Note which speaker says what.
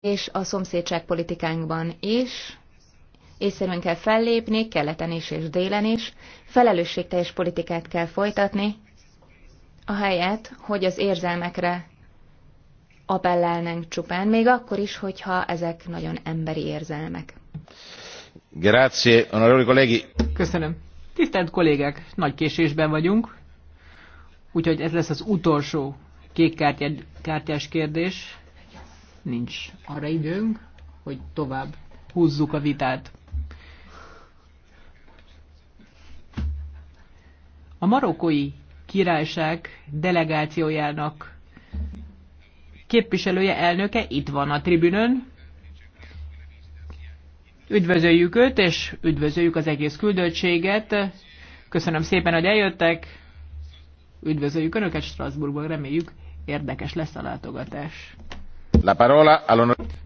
Speaker 1: és a politikánkban is észszerűen kell fellépni, keleten is és délen is, felelősségteljes politikát kell folytatni, a helyet, hogy az érzelmekre appellálnánk csupán, még akkor is,
Speaker 2: hogyha ezek nagyon emberi érzelmek.
Speaker 3: Grazie, onorevoli kollégi.
Speaker 2: Köszönöm. Tisztelt kollégák, nagy késésben vagyunk, úgyhogy ez lesz az utolsó kártyás kérdés nincs arra időnk, hogy tovább húzzuk a vitát. A marokkói királyság delegációjának képviselője, elnöke itt van a tribünön. Üdvözöljük őt, és üdvözöljük az egész küldöttséget. Köszönöm szépen, hogy eljöttek. Üdvözöljük Önöket
Speaker 4: Strasbourgban, reméljük érdekes lesz a látogatás. La parola all'onorevole.